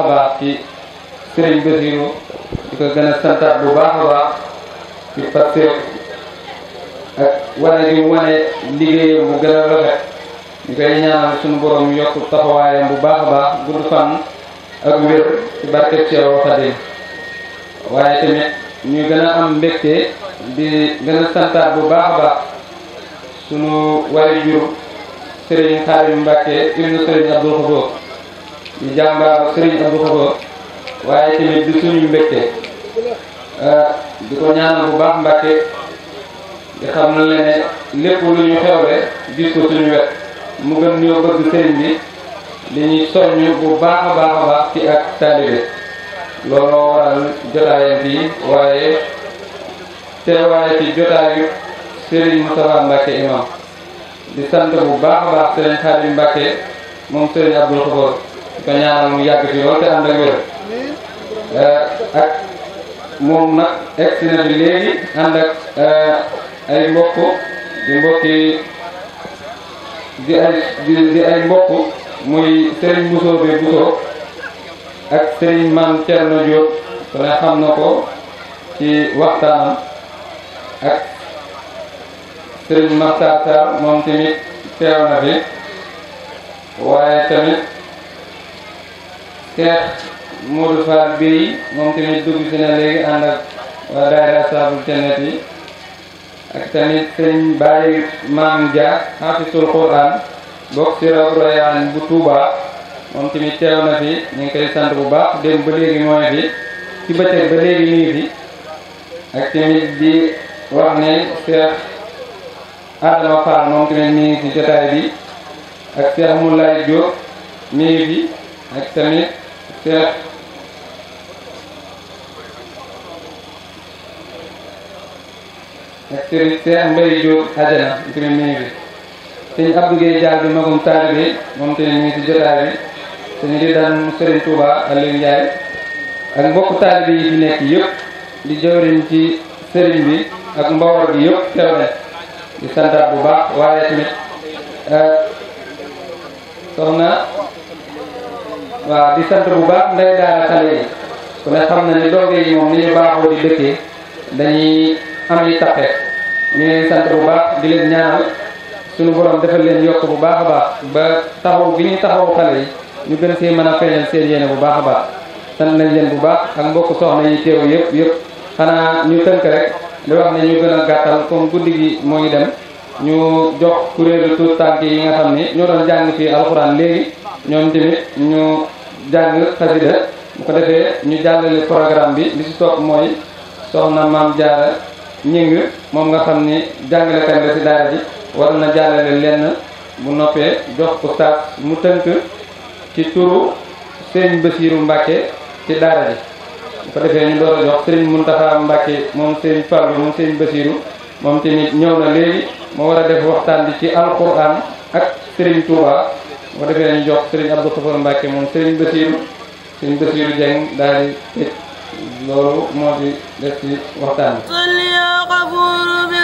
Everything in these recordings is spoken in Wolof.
a baax ci sëriñ Basiru di ko gën a bu baax a baax ci pastéef ak wane gi wane liggéeyam bu gën a ñu koy ñaanal suñu borom yokk taxawaayam bu baax a baax gudd fan ak wér ci barkeb Seexul Xadiim waaye tamit ñu gën am mbégte di gën a bu baax a baax suñu waajur sëriñ Xaadim Mbàkke ibnu sëriñ Abdul Xaboor di jàmbaar Serigne Abdou Khoba waaye tamit di suñu mbégte ah, di ko ñaanal bu baax Mbàkke di xam na le lépp lu ñu xewle gis ko suñu wet mu gën ñoo bëgg sëriñ bi li ñuy soññ bu baax a baax a baax ci ak taalibe looloo waral jotaayam bi waaye teewaay ci jotaayu Serigne Moustapha Mbacke imam di sant bu baax a baax Serigne Khadim Mbacke moom Serigne Abdou Khoba ko ñaanal mu yàgg fi loolu te ànd ak wér eh, ak moom nag egsi na léegi ànd ak eh, ay mbokk di mbokki di ay di muy Serigne Bousso bi Bousso ak Serigne Mame Thierno Diop ku ne xam na ko ci waxtaan ak Serigne Makhtar Sarr moom tamit teew na fi waaye tamit Cheikh Modou Fall Guèye moom tamit dugg si na léegi ànd ak daayira Ashabul Jannat yi ak tamit sëñ Baye Maam Dia xaafisul Quran bokk si raw royaan bu Touba moom tamit teew na fi ñu ngi koy sant bu baax dem ba léegi mooy fi ci bëccëg ba léegi nii fi ak tamit di wax ne Cheikh Adama Fall moom tamit mi ngi jotaay bi ak Cheikh Moulay Diop mi ngi fi ak tamit te te te mbay jóob xajana ngir mi ngi fi sëñ Abdou Guèye Diall bi magum taalibe moom te mi si jotaay bi sëñ di daan Serigne Touba Aliou Ndiaye ak mbokk taalibe yi nekk yëpp di jëwriñ ci Serigne bi ak mbooloo bi yëpp teew na di santaat bu baax waaye tamit eh, soxna waaw di sant bu baax nday daara xale yi ku ne xam na ni donge yi moom ni ñu baaxoo di dëkkee dañuy am yi tappe ñu leen sant bu baax di leen ñaanal suñu borom defal leen yokk bu baax a baax ba taxaw gi ñu taxaw xale yi ñu gën see mën a feeñal seen yéene bu baax a baax sant nañ leen bu baax ak mbokk soxna yi teew yëpp yëpp xanaa ñu tënk rek di wax ne ñu gën a gàttal comme guddi gi moo ngi dem ñu jox kuréelu tuut tànk yi nga xam ni ñoo doon jàng fii ñoom tamit ñu jàng xasida bu ko defee ñu jàllale programme bi li si topp mooy soxna maam jaara ñing moom nga xam ni jàngalekat la si daara ji war na jàllale lenn bu noppee jox ko taat mu tënk ci turu sëriñ Basiiru Mbàkke ci daara ji bu ko defee ñu door a jox sëriñ Muntaxa Mbàkke moom sëriñ Fallu moom sëriñ Basiiru moom tamit ñëw na léegi moo war a def waxtaan bi ci alquran ak sëriñ Touba. bu defee ñu jox Serigne Abdou Khafour Mbacke moom Serigne Bassirou Serigne Bassirou Dieng daal di tëj moo di def ci waxtaan bi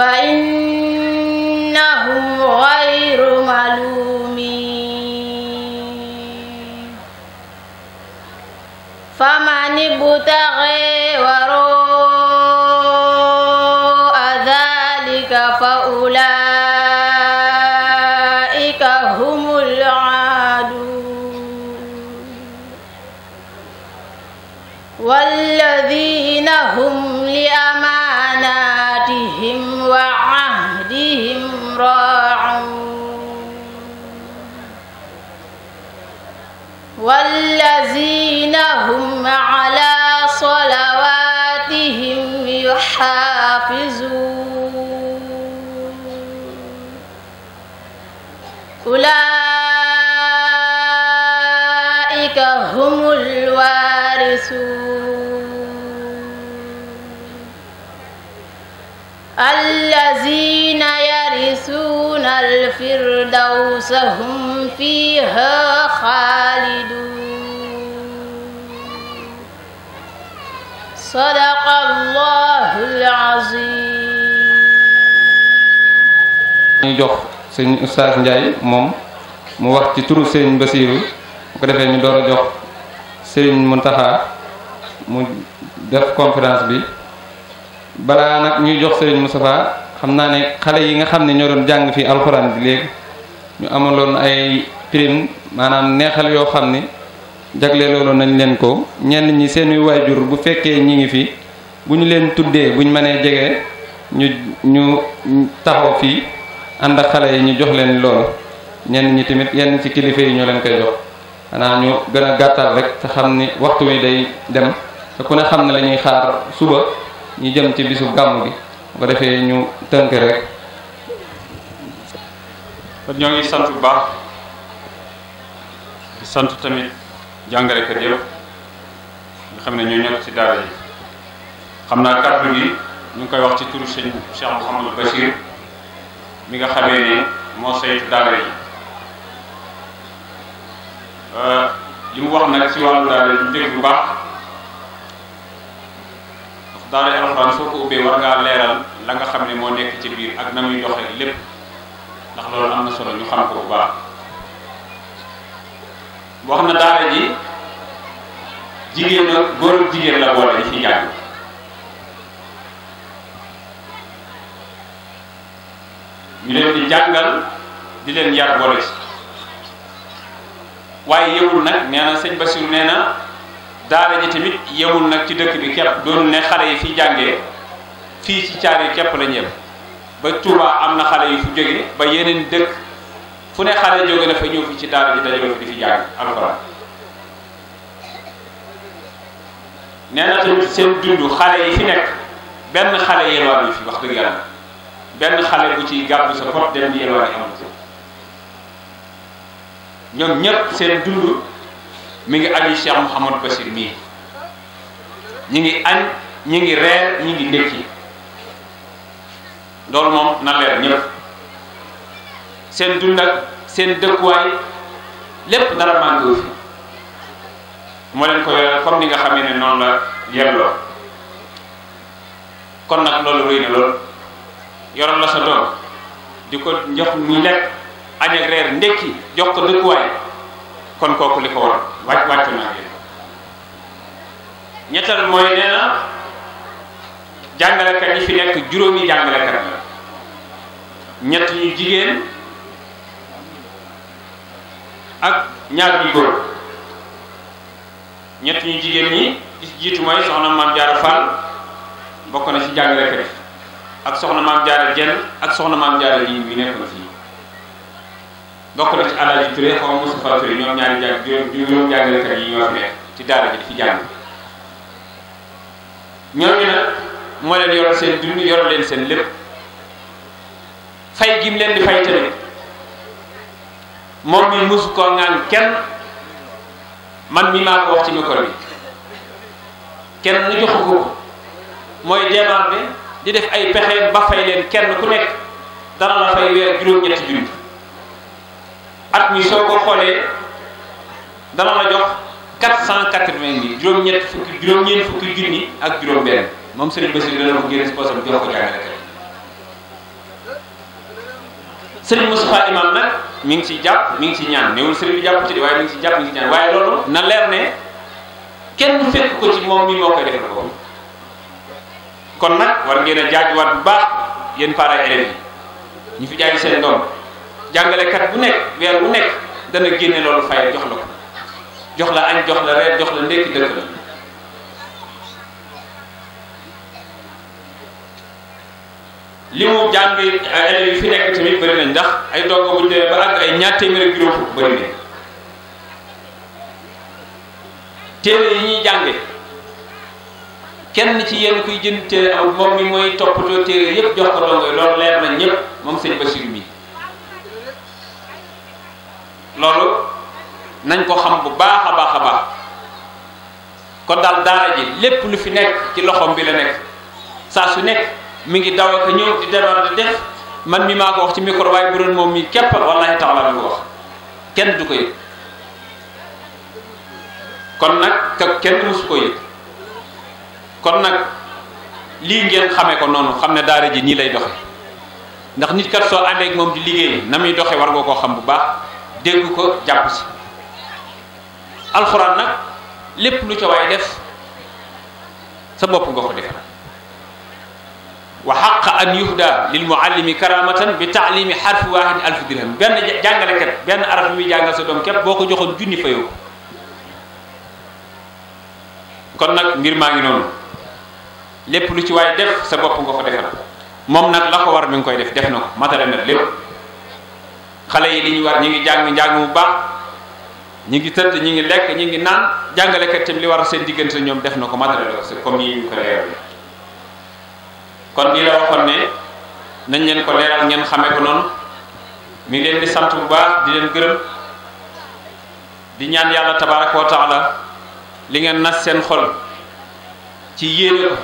فإنهم غير ملومين فمن ابتغى الفردوس هم فيها خالدون صدق الله العظيم jox sëñ Oustaz Ndiaye moom mu wax ci turu sëñ Basiiru bu ko defee ñu door a jox sëñ Muntaxa mu def conférence bi balaa nag ñuy jox sëñ Moustapha xam naa ne xale yi nga xam ne ñoo doon jàng fii alxuraan bi léegi ñu amaloon ay prime maanaam neexal yoo xam ni jagle loolu nañ leen ko ñenn ñi seeni waajur bu fekkee ñi ngi fi bu ñu leen tuddee bu ñu mënee jege ñu ñu taxaw fii ànd xale yi ñu jox leen loolu ñenn ñi tamit yenn ci kilifa yi ñoo leen koy jox xanaa ñu gën gàttal rek te xam ni waxtu wi day dem te ku ne xam ne la ñuy xaar suba ñu jëm ci bisu gàmm bi bu defee ñu tënk rek kon ñoo ngi sant bu baax sant tamit jàngalekat yëpp nga xam ne ñoo nekk ci daara yi xam naa kàddu gi ñu ngi koy wax ci turu sëñ Cheikh Mouhamadou Bachir mi nga xamee ne moo saytu daara yi euh, li mu wax nag ci wàllu daara yi dégg bu baax daara alxuraan soo ko ubbee war ngaa leeral la nga xam ne moo nekk ci biir ak na muy doxee lépp ndax loolu am na solo ñu xam ko bu baax wax na daara ji jigéen la góor jigéen la boole yi ci jàng ñu leen jàngal di leen yar boole ci waaye yewul nag nee na sëñ Basiru nee na daara ji tamit yemul nag ci dëkk bi képp doon ne xale yi fi jàngee fii ci caar yi képp la ñëpp ba Touba am na xale yu fi jóge ba yeneen dëkk fu ne xale jóge na fa ci daara ji dajaloo fi jàng alxuraan nee na tamit seen yi fi nekk benn xale yelwaan yi fi wax dëgg benn xale bu ciy gàbb sa bopp dem yelwaan yi amul ñoom ñëpp seen dund mi ngi aju Cheikh Mouhamadou Bassir mii ñi ngi añ ñi ngi reer ñi ngi ndékki loolu moom na leer ñëpp seen dund ak seen dëkkuwaay lépp dara manqué moo leen ko yore comme ni nga xamee ni noonu la yelloo kon nag loolu rëy na lool yoral la sa doom di ko jox muy lekk añ ak reer ndékki jox ko dëkkuwaay kon kooku li ko war wàcc wàccu naa ñettal mooy nee na jàngalekat yi fi nekk juróomi jàngalekat la ñett yu jigéen ak ñaar yu góor ñett ñu jigéen ñi jiitu mooy soxna maam jaara Fall bokk na ci jàngalekat yi ak soxna maam jaara jën ak soxna maam jaara yi mi nekk na fii bokk na ci Alaaji Touré xaw ma Moustapha Touré ñoom ñaari jàng juróom jàngalekat yi ñoo fi nekk ci daara ji di fi jàng ñoom ñu nag moo leen yoral seen dund yoral leen seen lépp fay gi mu leen di fay moom mi mosu koo ngaan kenn man mi maa ko wax kenn nu joxu ko di def ay pexe ba leen kenn ku nekk dana la fay weer juróom-ñetti junni at mi soo ko xoolee dana la jox quatre cent quatre-vingt mille juróom-ñett fukki juróom-ñeent fukki junni ak juróom-benn moom Serigne Bassirou dana ko génne si poosam jox ko jàngalekat Serigne Moustapha Imam nag mi ngi ciy jàpp mi ngi ciy ñaan néewul Serigne bi jàpp ci di waaye mi ngi ciy jàpp mi ngi ciy ñaan waaye loolu na leer ne kenn fekk ko ci moom mi moo koy defal ko kon nag war ngeen a jaajuwaat bu baax yéen parents élèves yi ñu fi jaaju seen doom. jàngalekat bu nekk weer bu nekk dana génne loolu fay jox la ko jox la añ jox la reer jox la ndékki dëkk la li mu jàng eh, élèves yi fi nekk tamit bëri nañ ndax ay ndongo bu ñu demee ba àgg ay ñaar téeméer bi juróom fukk bëri nañ yi ñuy jànge kenn ci yéen kuy jën téere am moom mi mooy toppatoo téere yépp jox ko ndongo yi loolu leer na ñëpp moom sëñ Bachir bi loolu nañ ko xam bu baax a baax a baax kon daal daara ji lépp lu fi nekk ci loxoom bi la nekk saa su nekk mu ngi daw ak ñëw di defar di def man mi maa ko wax ci micro waaye bu doon moom mi képp wallahi taala mi ko wax kenn du ko yëg kon nag te kenn musu ko yëg kon nag lii ngeen xamee ko noonu xam ne daara ji nii lay doxe ndax nit kat soo àndeek moom di liggéey na muy doxe war nga koo xam bu baax dégg ko jàpp ci alxuraan nag lépp lu ca waay def sa bopp nga ko defal wa xaqa an yuhda lil muallimi karamatan bi taalimi xarfi waahid alf dirham benn jàngalekat benn araf mi jàngal sa doom képp boo ko joxoon junni fayoo kon nag ngir maa ngi noonu lépp lu ci waay def sa bopp nga ko defal moom nag la ko war mi ngi koy def def na ko matale na lépp xale yi li ñu war ñu ngi jàng jàng bu baax ñu ngi tëdd ñu ngi lekk ñu ngi naan jàngalekat tam li war seen diggante ñoom def na ko matériel ko comme yi ñu la leen ko leeral ngeen xamee ko noonu mi leen di sant bu baax di leen gërëm di ñaan yàlla tabaraka wa la li ngeen nas seen xol ci yéene ko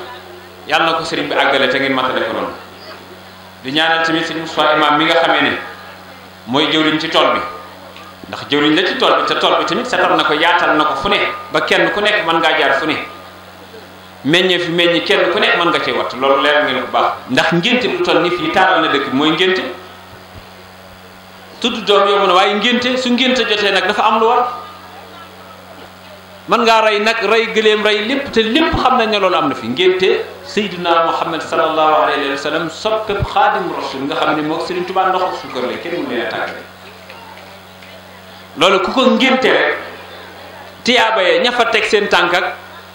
yàlla na ko sëriñ bi àggale te ngeen matale ko noonu di ñaanal tamit sëriñ Moussa imam mi nga xamee ne mooy jëwriñ ci tool bi ndax jëwriñ la ci tool bi te tool bi tamit setal na ko yaatal na ko fu ne ba kenn ku nekk mën ngaa jaar fu ne meññee fi meññi kenn ku nekk mën nga cee watt loolu leer ngeen bu baax ndax ngénte bu toll ni fii taaral na dëkk bi mooy ngénte tudd doom yomb na waaye ngénte su ngénte jotee nag dafa am lu war man ngaa rey nag rey gëléem rey lépp te lépp xam nañ ne loolu am na fi ngénte Seydina Muhammad sallallahu alayhi wa sallam soppeb xaadim rasul nga xam ne moo Sëriñ Tuubaa ndox ak suukar la kenn mu leen tàggale loolu ku ko ngénte rek tiyaaba ya ña teg seen tànk ak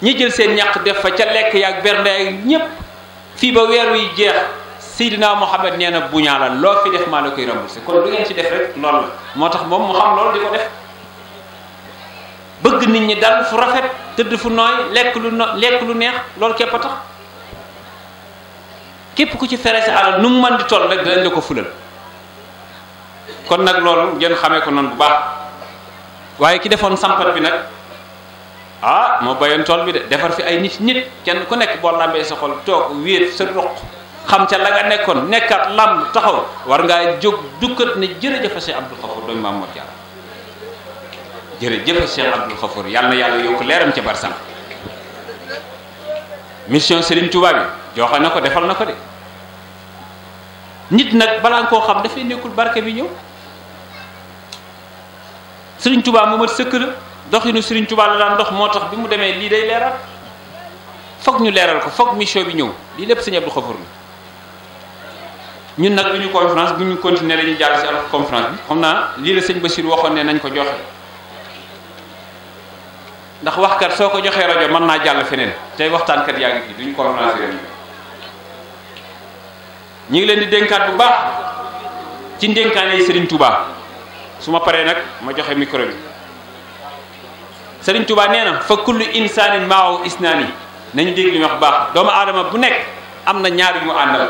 ñi jël seen ñaq def fa ca lekk yaag bernde ak ñépp fii ba weer wi jeex Seydina Muhammad nee na bu ñaala loo fi def maa la koy remboursé kon lu ngeen ci def rek loolu la moo tax moom xam loolu di bëgg nit ñi dal fu rafet tëdd fu nooy lekk lu lekk lu neex loolu kepp a tax képp ku ci fere sa alal nu mu mën di toll rek danañ la ko fulal kon nag loolu ngeen xamee ko noonu bu baax waaye ki defoon sampat bi nag ah moo bayoon tool bi de defar fi ay nit nit kenn ku nekk boo làmbee sa xol toog wéet sa roq xam ca la nga nekkoon nekkaat làmb taxaw war ngaa jóg dukkat ne jërëjëf si Abdou Khafour doomu Maam Mor Diarra jërëjëf Cheikh Abdoul Khafour yàlla na yàlla yokk leeram ca barsan mission Serigne Touba bi joxe na ko defal na ko de nit nag balaa nga koo xam dafay nekkul barke bi ñëw Serigne Touba mu mat sëkk la doxinu Serigne Touba la ndox moo tax bi mu demee lii day leeral foog ñu leeral ko foog mission bi ñëw lii lépp Serigne Abdoul Khafour la ñun nag bu ñu conférence bu ñu continuer dañuy jàll si al conférence bi xam naa lii la sëñ Bachir waxoon ne nañ ko joxe ndax waxkat soo ko joxee rajo mën naa jàll feneen tey waxtaankat yaa ngi fi duñu conférence ñu ngi leen di dénkaat bu baax ci ndénkaane yi Serigne Touba su ma paree nag ma joxe micro sëriñ tubaa nee na fa kullu insaanin maaw isnaani nañ dégg li mu wax baax doomu aadama bu nekk am na ñaar yu mu àndal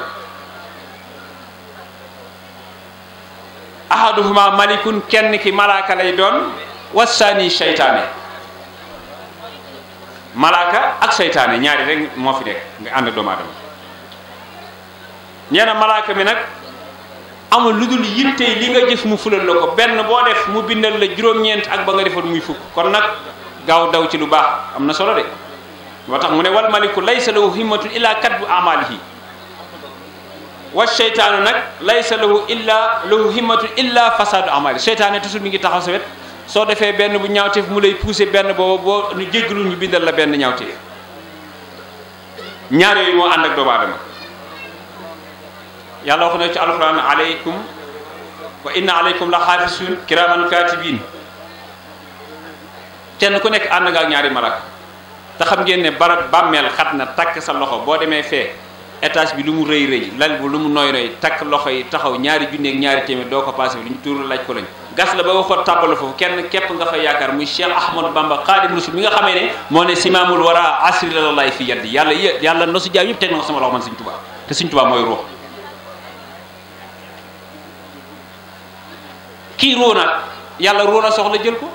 ahaduhuma malikun kenn ki malaaka lay doon wasaani seytaane malaaka ak seytaane ñaari rek moo fi nekk nga ànd doomu aadama nee na malaaka mi nag amul lu dul yitte li nga jëf mu fulal la ko benn boo def mu bindal la juróom-ñeent ak ba nga defoon muy fukk kon nag gaaw daw ci lu baax am na solo de moo tax mu ne wal maliku laysa lahu himmatun illa kaddu amalihi wa seytaanu nag laysa lahu illa lahu himmatun illa fasadu amali seytaane toujours mi ngi taxaw sa wet soo defee benn bu ñaawteef mu lay pousser benn boobu boo ñu jéggalu ñu bindal la benn ñaawteef ñaar yooyu moo ànd ak doomu yàlla wax na ci alxuraan aleykum wa inna aleykum la xaafisuun kiraaman kaatibiin kenn ku nekk ànd nga ak ñaari malaka te xam ngeen ne barab bàmmeel xat na takk sa loxo boo demee fee étage bi lu mu rëy rëy lal bu lu mu nooy nooy takk loxo yi taxaw ñaari junneeg ñaari téeméer doo ko passé bi lu ñu tuuru laaj ko lañ gas la ba nga ko tàbbal foofu kenn képp nga fa yaakaar muy Cheikh Ahmadou Bamba Xaadimu Rasuul mi nga xamee ne moo ne simaamul wara asri lallaahi fi yaddi yàlla yë yàlla nosu jaam yëpp teg na ko sama loxo man Sëñ Tuubaa te Sëñ yàlla ruux soxla jël ko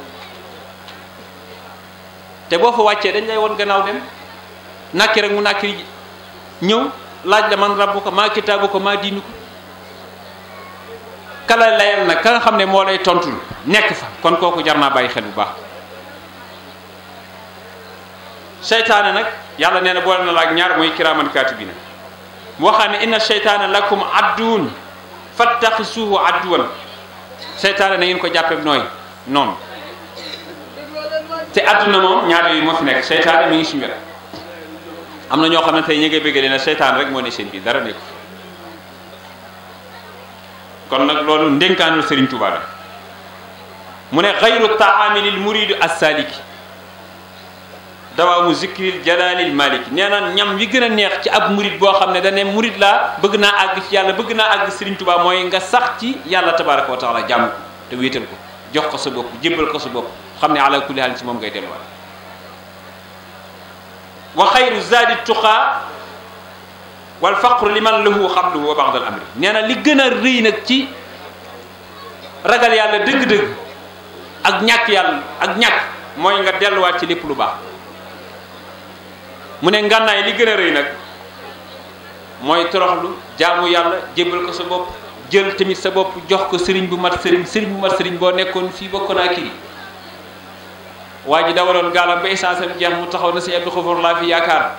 te boo fa wàccee dañ lay woon gannaaw dem nakki rek mu nakki ñëw laaj la man ràbb ko maa kitaabu ko maa diinu ko kala layal nag ka nga xam ne moo lay tontul nekk fa kon kooku jar naa bàyyi xel bu baax seytaane nag yàlla nee na boole na la ak ñaar mooy kiraaman kaatibiina mu waxaat ne inna seytaane lakum adduun fattaxisuuhu adduwan seytaane na ngeen ko jàppee nooy noonu te àdduna moom ñaar yooyu moo fi nekk seytaane mu ngi si wet am na ñoo xam ne tey ñu ngi bëgg leen seytaane rek moo ne seen biir dara nekk kon nag loolu ndénkaanul Serigne Touba la mu ne xayru taami lil muridu assaliki dawaamu zikril jalaalil maliki nee na ñam wi gën a neex ci ab murid boo xam ne dane murid laa bëgg naa àgg ci yàlla bëgg naa àgg Serigne Touba mooy nga sax ci yàlla tabaraka wa taala jàmm te wéetal ko jox ko sa bopp jébbal ko sa bopp xam ne ala kulli ci moom ngay delluwaat wa xayru zaadi tuqaa wal li man faqru liman lu xabluhu wa ba'dal amri nee na li gën a rëy nag ci ragal yàlla dëgg-dëgg ak ñàkk yàlla ak ñàkk mooy nga delluwaat ci lépp lu baax mu ne ngànnaay li gën a rëy nag mooy toroxlu jaamu yàlla jébbal ko sa bopp jël tamit sa bopp jox ko sëriñ bu mat sëriñ sëriñ bu mat sëriñ boo nekkoon fii bokkoon ak kii waa ji dawaloon gaalam ba essence jeex mu taxaw na si Abdou Khafour laa fi yaakaar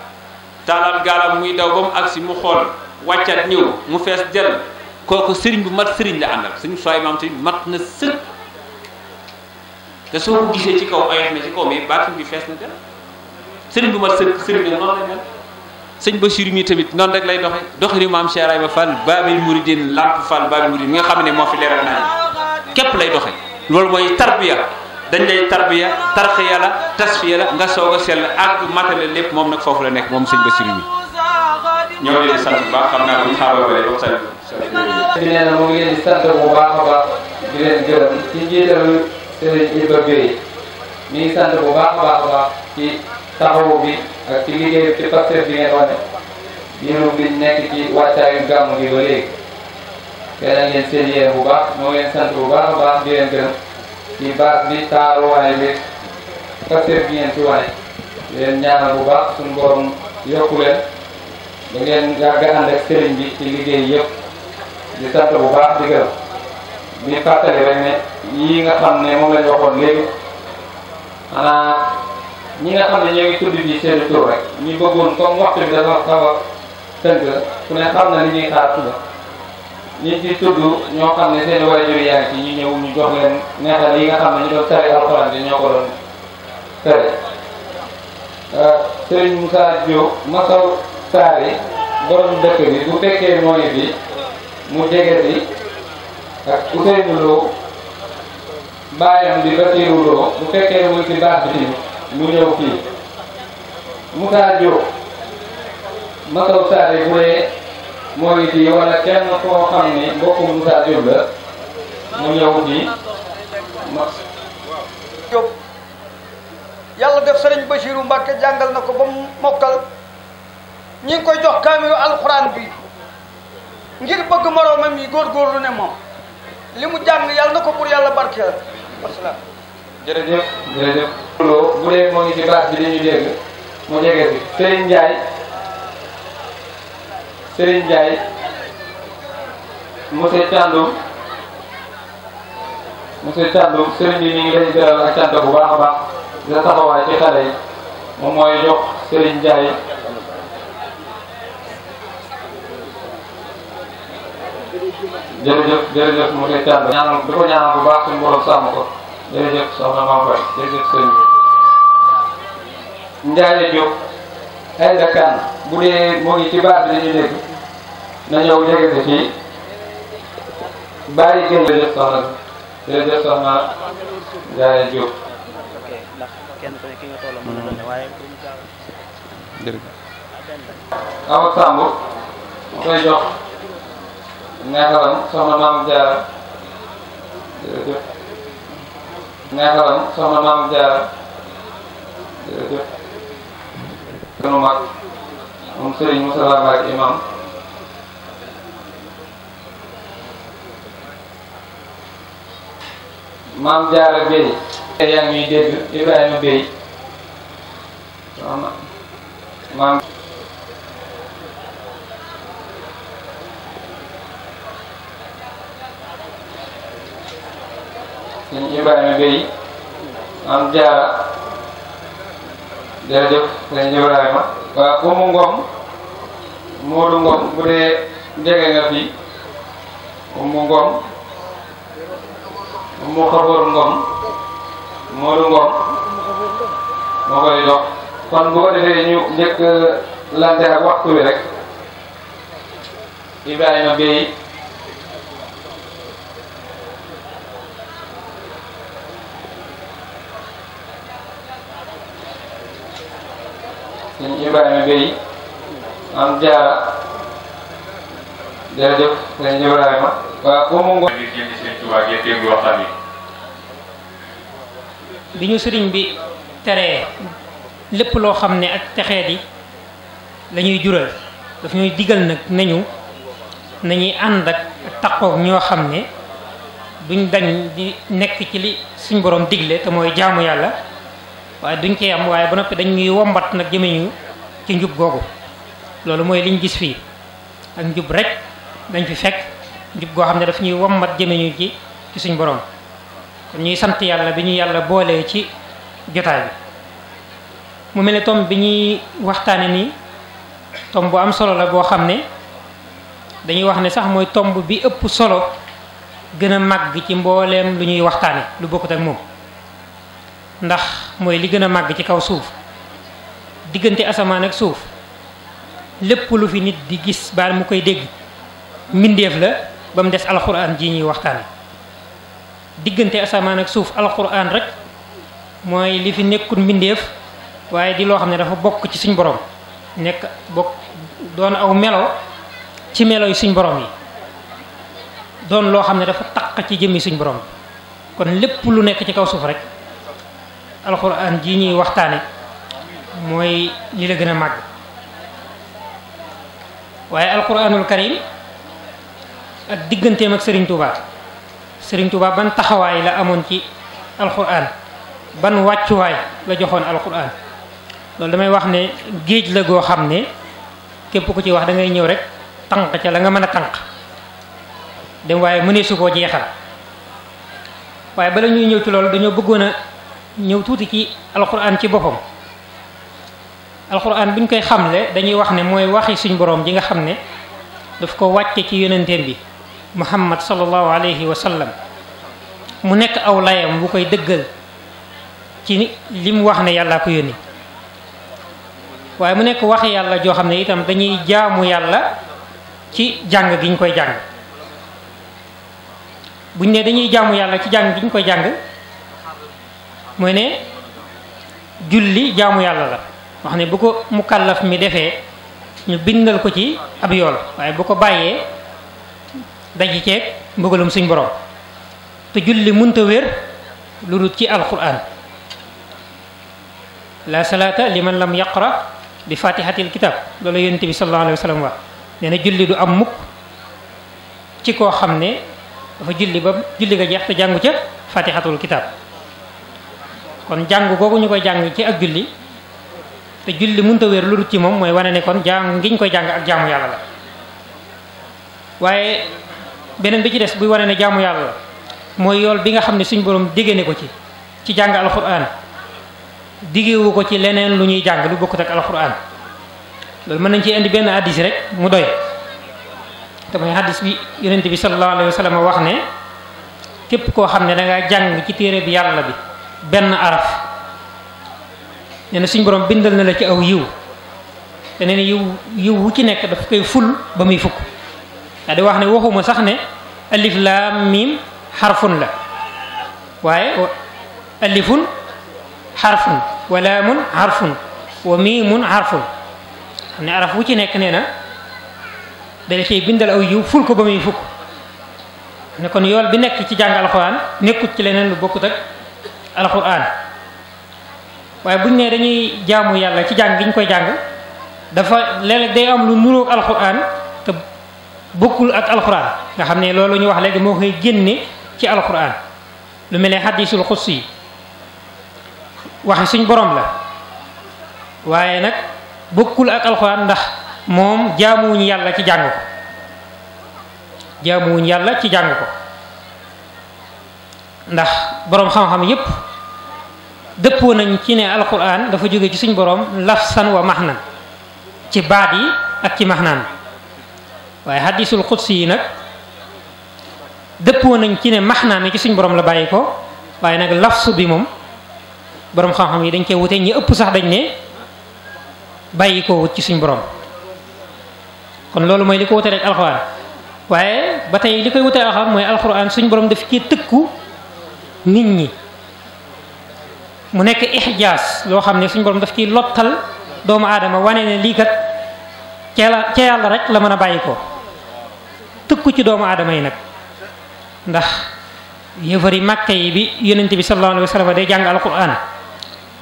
taalaam gaalam muy daw ba mu agsi mu xool wàccaat ñëw mu fees dell kooku sëriñ bu mat sëriñ la àndal suñu sooy maam tamit mat na sëkk te soo ko gisee ci kaw oyof na ci kaw mais baatin bi sëriñ bu mat sëkk sëriñ la noonu la tamit noonu rek lay doxe doxinu maam Cheikh Ibrahima Fall Babil Mouridine Lamp Fall Babil Mouridine mi nga xam ne moo fi leeral naa képp lay doxe loolu mooy tarbiya dañ lay tarbiya tarxiya la tasfiya la nga soog sell ak matale lépp moom nag foofu la nekk moom sëñ Basiru bi ñoo ngi leen di sant bu baax xam naa bu ñu xaabalee waxtaan bi nee na mu ngi sant bu baax baax ci taxawu bi ak ci liggéey ci pasteur bi ngeen wane diiru bi nekk ci wàccaayu gàmm gi ba léegi leen seen yéen bu baax moo ngi sant bu baax baax di leen ci baas bi taaruwaay bi kaseer bi ngeen ci wane leen ñaanal bu baax suñu borom yokku leen da ngeen yàgg ànd sëriñ bi ci liggéey yëpp di sant bu baax di gërëm di fàttali rek yii nga xam ne moom lañ waxoon léegi xanaa ñi nga xam ne ñoo ngi tudd bi seen tur rek ñu bëggoon comme waxtu bi dafa xaw a tënk ku ne xam na li ñuy xaar suba ñi ci tudd ñoo xam ne seen waajur yaa ngi ci ñu ñëw ñu jox leen neexal yi nga xam ne ñu doon tari alxuraan bi ñoo ko doon tari euh, Masaw Saari borom dëkk bi bu fekkee mooy bi mu jege si ak Ousseynou Lo baayam bi Basirou Lo bu fekkee muy ci baax bi mu ñëw fii Moussa Diop Masaw Saari bu dee mooy fii wala kenn koo xam ne mbokkum Moussa Diop la mu ñëw fii ma. Diop yàlla def sëriñ Bachirou Mbacke jàngal na ko ba mu mokkal ñi ngi koy jox kaamilu alxuraan bi ngir bëgg moroomam yi góorgóorlu ne moom li mu jàng yàlla na ko pour yàlla barkeel wasalaam. jërëjëf jërëjëf. loolu bu dee moo ngi ci baax bi dañuy dégg mu jege bi Sëriñ Ndiaye. Serigne Ndiaye monsieur Thiandoum monsieur Thiandoum Serigne bi ñu ngi lay dalal ak cant bu baax a baax di la taxawaay ci xale yi moom mooy jox Serigne Ndiaye jërëjëf jërëjëf monsieur Thiandoum ñaanal di ko ñaanal bu baax suñu borom sàmm ko jërëjëf soxna Mame Faye jërëjëf sëñ bi Ndiaye Diop ay dakaan bu dee moo ngi ci baat bi dañu dégg na ñëw jege si fii bàyyi gën jërëjëf soxna jërëjëf soxna Ndiaye Diop. Amat Samb mu koy jox neexalam soxna maam Diarra jërëjëf neexalam soxna maam Diarra jërëjëf. gënu mag moom Serigne Moussa Lambaye imam maam jaara bay te yaa ngi dégg Ibrahima bay maam suñ Ibrahima bay maam jaara jërëjëf sëñ Ibrahima waaw umu Ngom Moodu Ngom bu dee jege nga fii umu Ngom mu xaboor ngom Modou Ngom moo koy dox kon bu ko defee ñu njëkk lante ak waxtu bi rek Ibrahima Bey suñu Ibrahima Bey am jaara jërëjëf sëñ Ibrahima waaw umu ngo bi jëndi seen tubaab yéen déglu bi ñu sëriñ bi teree lépp loo xam ne ak texee yi la ñuy jural daf ñuy digal nag nañu nañuy ànd ak taqoog ñoo xam ne duñ dañ di nekk ci li suñ borom digle te mooy jaamu yàlla waaye duñ cee am waaye ba noppi dañ ñuy wombat nag jëme ñu ci njub googu loolu mooy liñ gis fii ak njub rek dañ fi fekk njub goo xam ne daf ñuy wombat jëme ñu ci ci suñ borom kon ñuy sant yàlla bi ñu yàlla boolee ci jotaay bi mu mel ni tom bi ñuy waxtaane nii tom bu am solo la boo xam ne dañuy wax ne sax mooy tomb bi ëpp solo gën a mag ci mbooleem lu ñuy waxtaane lu bokkut ak moom ndax mooy li gën a màgg ci kaw suuf diggante asamaan ak suuf lépp lu fi nit di gis baal mu koy dégg mbindeef la ba mu des alxuraan ji ñuy waxtaane diggante asamaan ak suuf alquran rek mooy li fi nekkul mbindeef waaye di loo xam ne dafa bokk ci suñ borom nekk bokk doon aw melo ci melo yi suñ borom yi doon loo xam ne dafa taq ci jëmmi suñ borom kon lépp lu nekk ci kaw suuf rek alquran ji ñuy waxtaane mooy li la gën a màgg waaye alquranul karim ak digganteem ak Serigne Touba. sëriñ tubaab ban taxawaay la amoon ci alquran ban wàccuwaay la joxoon alquran loolu damay wax ne géej la goo xam ne képp ku ci wax da ñëw rek tanq ca la nga mën a tànq dem waaye mënee su koo jeexal waaye bala ñuy ñëw ci loolu dañoo bëggoon a ñëw tuuti ci alquran ci boppam alquran bu ñu koy xamle dañuy wax ne mooy waxi suñu boroom ji nga xam ne daf ko wàcce ci yonenteem bi muhammad sallallahu alayhi wa sallam mu nekk aw layam bu koy dëggal ci li wax ne yàllaa ko yónni waaye mu nekk wax yàlla joo xam ne itam dañuy jaamu yàlla ci jàng gi ñu koy jàng buñ ne dañuy jaamu yàlla ci jàng gi koy jàng mooy ne julli jaamu yàlla la wax ne bu ko mukallaf mi defee ñu bindal ko ci ab yool waaye bu ko bàyyee daje ceeg mbugalum suñ borom te julli munta wér lu ci alquran la salaata man lam yaqra bi fatihatil kitab loolu yonent bi sallallahu alayhi wa sallam julli du am mukk ci koo xam ne dafa julli ba julli nga jeex te jàngu ca fatihatul kitab kon jàng googu ñu koy jàng ci ak julli te julli munta wér lu ci moom mooy wane ne kon jàng ngiñ koy jàng ak jaamu yàlla la waaye beneen bi ci des buy wane ne jaamu yàlla la mooy yool bi nga xam ne suñ borom diggéene ko ci ci jàng alquran diggewu ko ci leneen lu ñuy jàng lu bokkut ak alquran loolu mën nañ ci indi benn hadis rek mu doy te mooy hadis bi yonent bi sallallahu alayhi wa sallam ne képp koo xam ne da jàng ci téere bi yàlla bi benn araf nee suñ borom bindal na la ci aw yiw te nee na yiw yiw wu ci nekk daf koy ful ba muy fukk da di wax ne waxuma sax ne alif laam miim xarfun la waaye alifun xarfun wa laamun xarfun wa miimun xarfun ne araf wu ci nekk nee na dala cay bindal aw yiw ful ko ba muy fukk ne kon yool bi nekk ci jàng alxuraan nekkut ci leneen lu bokkut ak alxuraan waaye buñ ne dañuy jaamu yàlla ci jàng gi ñu koy jàng dafa léeg day am lu nuroog alxuraan bokkul ak alxuraan nga xam ne loolu ñu wax léegi moo koy génne ci alxuraan lu mel ne xadisul xus yi waxe suñ boroom la waaye nag bokkul ak alxuraan ndax moom jaamuwuñu yàlla ci jàng ko jaamuwuñu yàlla ci jàng ko ndax boroom xam-xam yépp dëppoo nañ ci ne alxuraan dafa jóge ci suñ borom lafsan wa maxnan ci baat yi ak ci maxnaan waaye hadisul xudsi yi nag dëppoo nañ ci ne max naan mi ci suñ boroom la bàyyi ko waaye nag lafsu bi moom boroom xam-xam yi dañ koy wute ñi ëpp sax dañ ne bàyyi ko wut ci suñ borom kon loolu mooy li ko wute rek alxuraan waaye ba tey li koy wute alxuraan mooy alxuraan suñ boroom daf ci tëkku nit ñi mu nekk ixjaas loo xam ne suñ borom daf ciy lottal doomu aadama wane ne lii kat ca ca yàlla rek la mën a bàyyi ko tëkku ci doomu aadama yi nag ndax yëfari màkke yi bi yonent bi sallallahu alayhi wa sallam day jàng alquran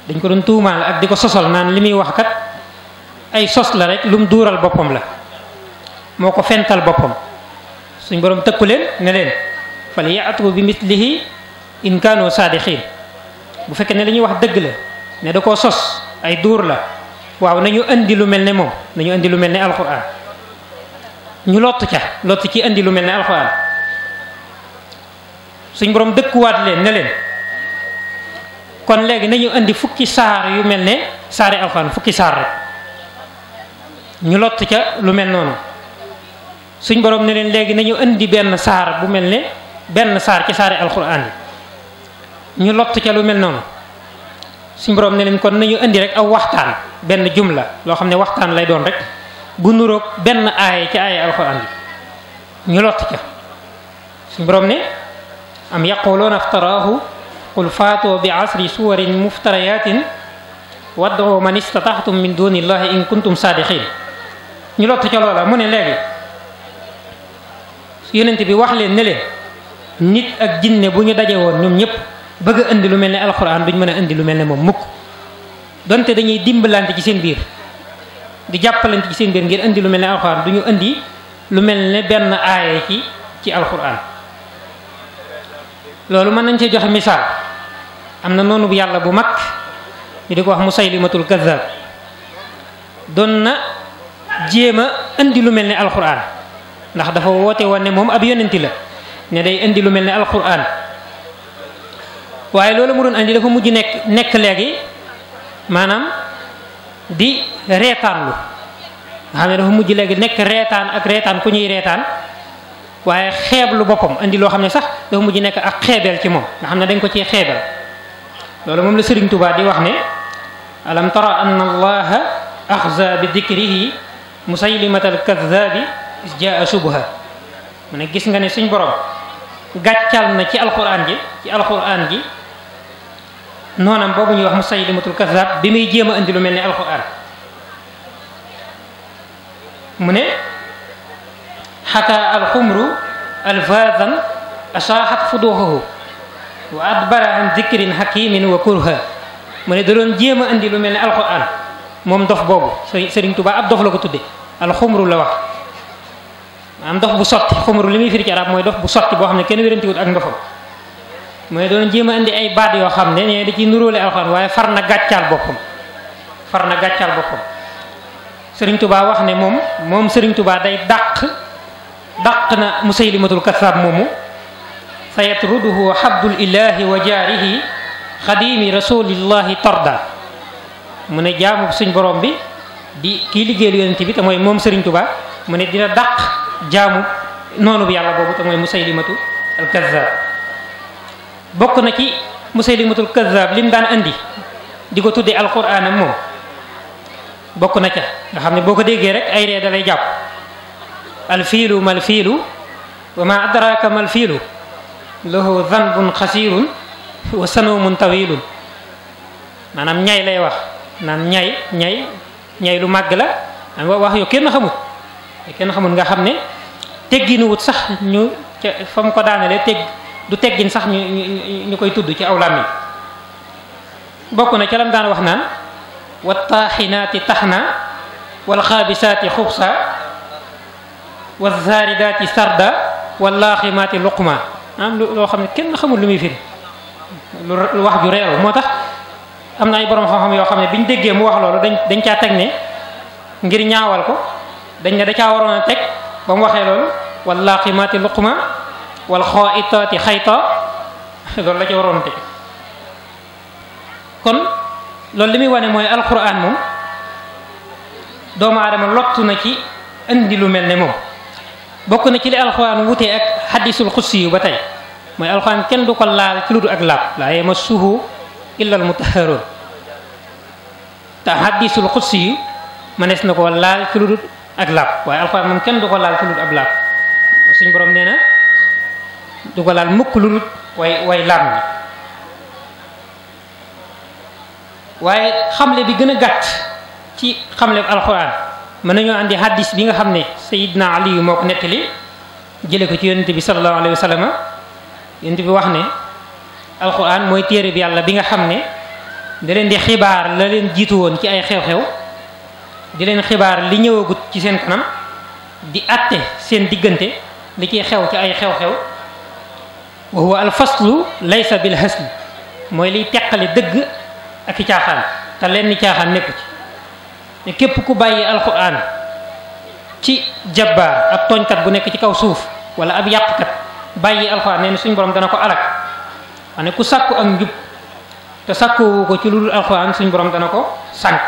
dañ ko doon tuumaal ak di ko sosal naan li muy wax kat ay sos la rek lu mu duural boppam la moo ko fental boppam suñ borom tëkku leen ne leen fal yaatu bi mislihi in kaanu saadiqin bu fekkee ne li ñuy wax dëgg la ne da koo sos ay duur la waaw nañu indi lu mel ne moom nañu indi lu mel ne alquran ñu lottu ca lottu ci indi lu mel ne alxuraan suñ boroom dëkkuwaat leen ne leen kon léegi nañu indi fukki saar yu mel ne saari alxuraan fukki saar rek ñu lott ca lu mel noonu suñ boroom ne leen léegi nañu indi benn saar bu mel ne benn saar ci saari alxuraan yi ñu lott ca lu mel noonu suñ borom ne leen kon nañu indi rek aw waxtaan benn jumla loo xam ne waxtaan lay doon rek gu nuroog benn aaya ci aaya alxuraan bi ñu lott ca suñ borom ne am yaquluuna aftaraahu qul faatoo bi asri suwarin muftariyatin wad'u man istataxtum min dunillahi in kuntum saadiqin ñu lott ca loola mu ne léegi yonent bi wax leen ne leen nit ak jinne bu ñu daje woon ñoom ñëpp bëgg indi lu mel ne alxuraan duñ mën a indi lu mel ne moom mukk donte dañuy dimbalante ci seen biir di jàppalante ci seen biir ngeen indi lu mel ne alxuraan du ñu indi lu mel ne benn aaya ci ci alxuraan loolu mën nañ cee joxe misaal am na noonu bu yàlla bu mag ñu di ko wax mu musaylimatul kazzab doon na jéem a indi lu mel ne alxuraan ndax dafa woote woon ne moom ab yonenti la ne day indi lu mel ne alxuraan waaye loolu mu doon indi dafa mujj nekk nekk léegi maanaam. di reetaanlu nga xam ne dafa mujj léegi nekk reetaan ak reetaan ku ñuy reetaan waaye xeeblu boppam indi loo xam ne sax dafa mujj nekk ak xeebeel ci moom nga xam ne dañ ko ci xeebeel loolu moom la Sëriñ Tuubaa di wax ne alam tara anna allaha axza bi dikrihi musaylimatal kazabi jaa subha mu ne gis nga ne suñ borom gàccal na ci alquran ji ci alquran ji noonam boobu ñuy wax Musaylimatul Kazzab bi muy jéem a indi lu mel ni alquran mu ne xataa alxumru alfaadan asaaxat fuduuxahu wa adbara an dikrin hakimin wa kurha mu ne jéem a indi lu mel ni alquran moom dof boobu Sëriñ Tuubaa ab dof la ko tudde alxumru la wax am dof bu sotti xumru li muy firi ci mooy dof bu sotti boo xam ne kenn wérantiwut ak ndofam mooy doon jéem a indi ay baat yoo xam ne ñooy di ciy nuróole alxuraan waaye far na gàccaal boppam far na gàccaal boppam sëriñ tubaa wax ne moom moom sëriñ tubaa day dàq dàq na musaylimatul kasaab moomu sa yatruduhu habdul ilahi wa jaarihi xadimi rasulillahi torda mu ne jaamu suñ borom bi di kii liggéeyal yonent bi te mooy moom sëriñ tubaa mu ne dina dàq jaamu noonu bi yàlla boobu te mooy musaylimatu al kasaab bokk na ci musaylimatul li mu daan indi di ko tuddee alquran moom bokk na ca nga xam ne boo ko déggee rek ay ree dalay jàpp alfiilu malfiilu wa ma adraka malfiilu lahu zanbun xasirun wa sanumun tawilun maanaam ñay lay wax naan ñay ñay ñay lu màgg la am wax yu kenn xamut kenn xamut nga xam ne tegginuwut sax ñu fa mu ko daanale tegg du teggin sax ñu ñu koy tudd ci aw làmmiñ bokk na ca lam daan wax naan wa taaxinaati taxna wal xaabisaati xubsa wa zaaridaati sarda wa laaximaati luqma am loo xam ne kenn xamul lu muy firi lu wax ju reeru moo tax am na ay borom xam-xam yoo xam ne bi ñu déggee mu wax loolu dañ dañ caa teg ne ngir ñaawal ko dañ ne da caa waroon a teg ba mu waxee loolu wa laaximaati luqma wal xaa'itaati xayto loolu la ci waroon teg kon loolu li muy wane mooy alquran moom doomu aadama lottu na ci indi lu mel ne moom bokk na ci li alquran wutee ak xadisul xussi yu ba tey mooy alquran kenn du ko laal ci ak laab laa yamassuhu illa almutahharun te xadisul xussi yu mënees na ko laal ci lu dul waaye alquran moom kenn du ko laal ci ak laab suñ borom nee na du ko laal mukk lu dul way way laab ñi waaye xamle bi gën a gàtt ci xamle bu alxuraan mën nañoo andi hadis bi nga xam ne sayidna aliyu moo ko nettali jële ko ci yonente bi salallahu alayhi wa sallama yonente bi wax ne alxuraan mooy téere bi yàlla bi nga xam ne da leen di xibaar la leen jiitu woon ci ay xew-xew di leen xibaar li ñëwagut ci seen kanam di àtte seen diggante li ciy xew ci ay xew-xew wa huwa alfaslu laysa bil hasli mooy liy teqale dëgg ak i caaxaan te leen ni caaxaan nekku ci ne képp ku bàyyi alquran ci jabbaar ab tooñkat bu nekk ci kaw suuf wala ab yàqkat bàyyi alquran nee suñ borom dana ko alag alak ne ku sàkku ak njub te sàkkoowu ko ci lu dul alquran suñ borom dana ko sànq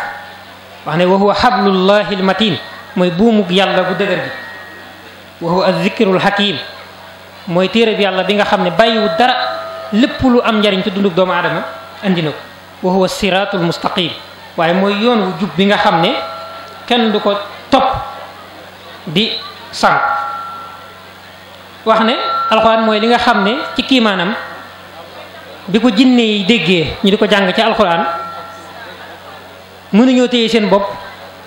wax ne wa huwa hablullahi almatin mooy buumug yàlla bu dëgër gi wa huwa azzikru alhakim mooy téere bi yàlla bi nga xam ne bàyyiwu dara lépp lu am njariñ ci dundug doomu aadama andi ko wa huwa siraatul mustaqim waaye mooy yoon wu jub bi nga xam ne kenn du ko topp di sànq wax ne alxuraan mooy li nga xam ne ci kiimaanam bi ko jinne yi déggee ñu di ko jàng ci alxuraan mënuñoo téye seen bopp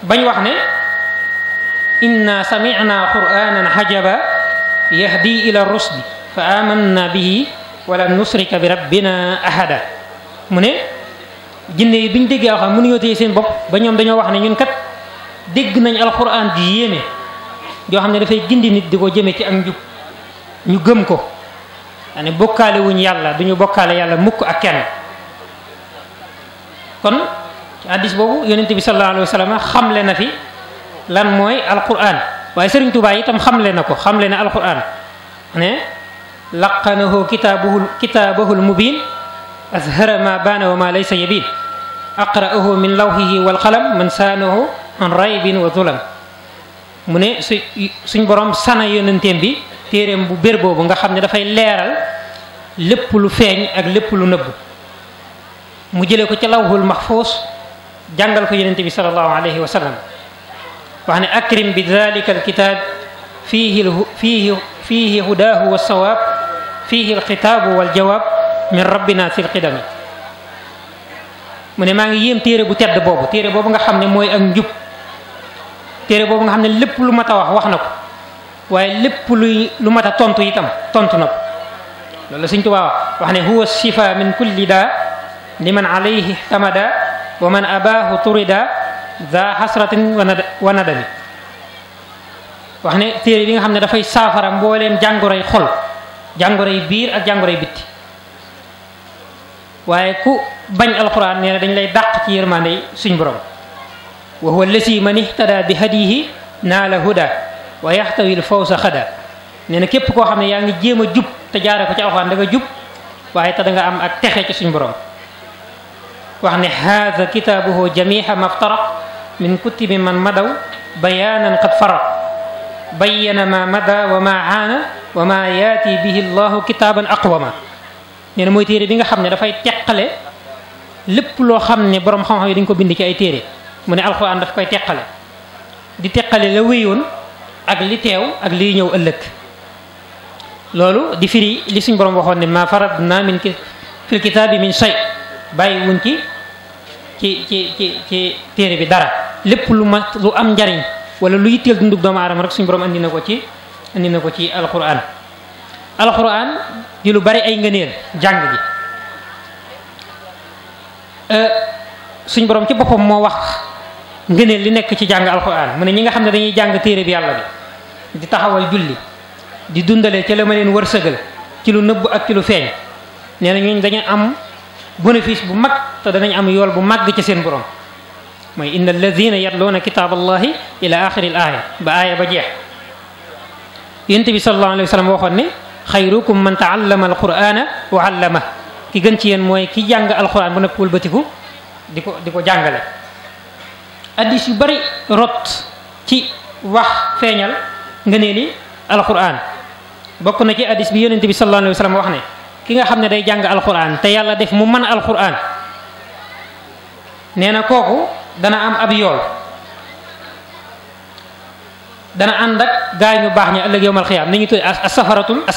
bañ wax ne inna sami'na qur'anan hajaba yahdi ila rusdi fa amanna bihi wala nusrika bi rabbina ahada mu ne jinne yi biñ déggee alxuraan mënuñoo téye seen bopp ba ñoom dañoo wax ne ñun kat dégg nañ alxuraan di yéeme yoo xam ne dafay gindi nit di ko jëme ci ak njub ñu gëm ko daane bokkaale wuñ yàlla duñu bokkaale yàlla mukk ak kenn kon ci boobu yonent bi sallallahu alayhi xamle na fi lan mooy alquran waaye sëriñ Tuubaa itam xamle na ko xamle na alquran ne laqanahu kitaabuhu kitaabahu lmubin azhara ma baana wa ma laysa yabin aqra'uhu min lawhihi walqalam man saanahu an raybin wa zulam mu ne suñ borom sana yonenteem bi téeréem bu bér boobu nga xam ne dafay leeral lépp lu feeñ ak lépp lu nëbb mu jëlee ko ca lawhul mahfuus jàngal ko yonente bi sallallahu alayhi wa sallam wax ne akrim bi dalika alkitab fiihi fiihi fiihi hudaahu wassawaab fiihi alxitaabu waljawaab min rabbina fi lqidami mu ne maa ngi yéem téere bu tedd boobu téere boobu nga xam ne mooy ak njub téere boobu nga xam ne lépp lu mat a wax wax na ko waaye lépp luy lu mat a tontu itam tontu na ko loolu Sëñ Tuubaa wax wax ne huwa shifa min kulli daa liman alayhi ihtamada wa man abaahu turida za hasratin wa nadami wax ne téere bi nga xam ne dafay saafara mbooleem jàngoroy xol jàngoroy biir ak jàngoroy bitti waaye ku bañ alxuraan nee dañ lay dàq ci yërmande yi suñ borom wa huwa lasi man ihtada bi hadihi naala huda wa yaxtawi l fawsa xada nee na képp koo xam ne yaa ngi jéem a jub te jaare ko ci alxuraan danga jub waaye te da nga am ak texe ci suñ borom wax ne haada kitaabuhu jamiha maftara min kutubi man madaw bayaanan qad faraq bayyana ma mada wa ma aana wa ma yaati bihi llahu kitaaban aqwama nee mooy téere bi nga xam ne dafay teqale lépp loo xam ne borom xam-xam yi dañ ko bind ci ay téere mu ne alxuraan daf koy teqale di teqale la wéyoon ak li teew ak liy ñëw ëllëg loolu di firi li suñ borom waxoon ne ma faradna min fil kitaabi min shay bàyyi wuñ ci ci ci ci bi dara lépp lu ma lu am njariñ wala lu yitteel dundug doomu aadama rek suñu borom andi na ko ci andi na ko ci alquran alquran di lu bari ay ngëneel jàng ji euh, suñ borom ci boppam moo wax ngëneel li nekk ci jàng alquran mu ne ñi nga xam ne dañuy jàng téere bi yàlla bi di taxawal julli di dundalee ca la ma leen wërsëgal ci lu nëbb ak ci lu feeñ nee na ñooñu dañu am bénéfice bu mag te danañ am yool bu màgg ci seen borom. mooy inna alladina yatluuna kitaab allahi ila axiril aaya ba aaya ba jeex yonent bi sallallahu alayhi wa sallam waxoon ne xayrukum man taallama alqurana wa allama ki gën ci yéen mooy ki jàng alquran bu nekk wëlbatiku di ko di ko jàngale addis yu bari rot ci wax feeñal nga nee li alquran bokk na ci addis bi yonent bi sallallahu alayhi wa wax ne ki nga xam ne day jàng alquran te yàlla def mu mën alquran nee na kooku dana am ab yool dana ànd ak gaa ñu baax ñi ëllëg yowmal xiyaam ni ñu tudd as safaratul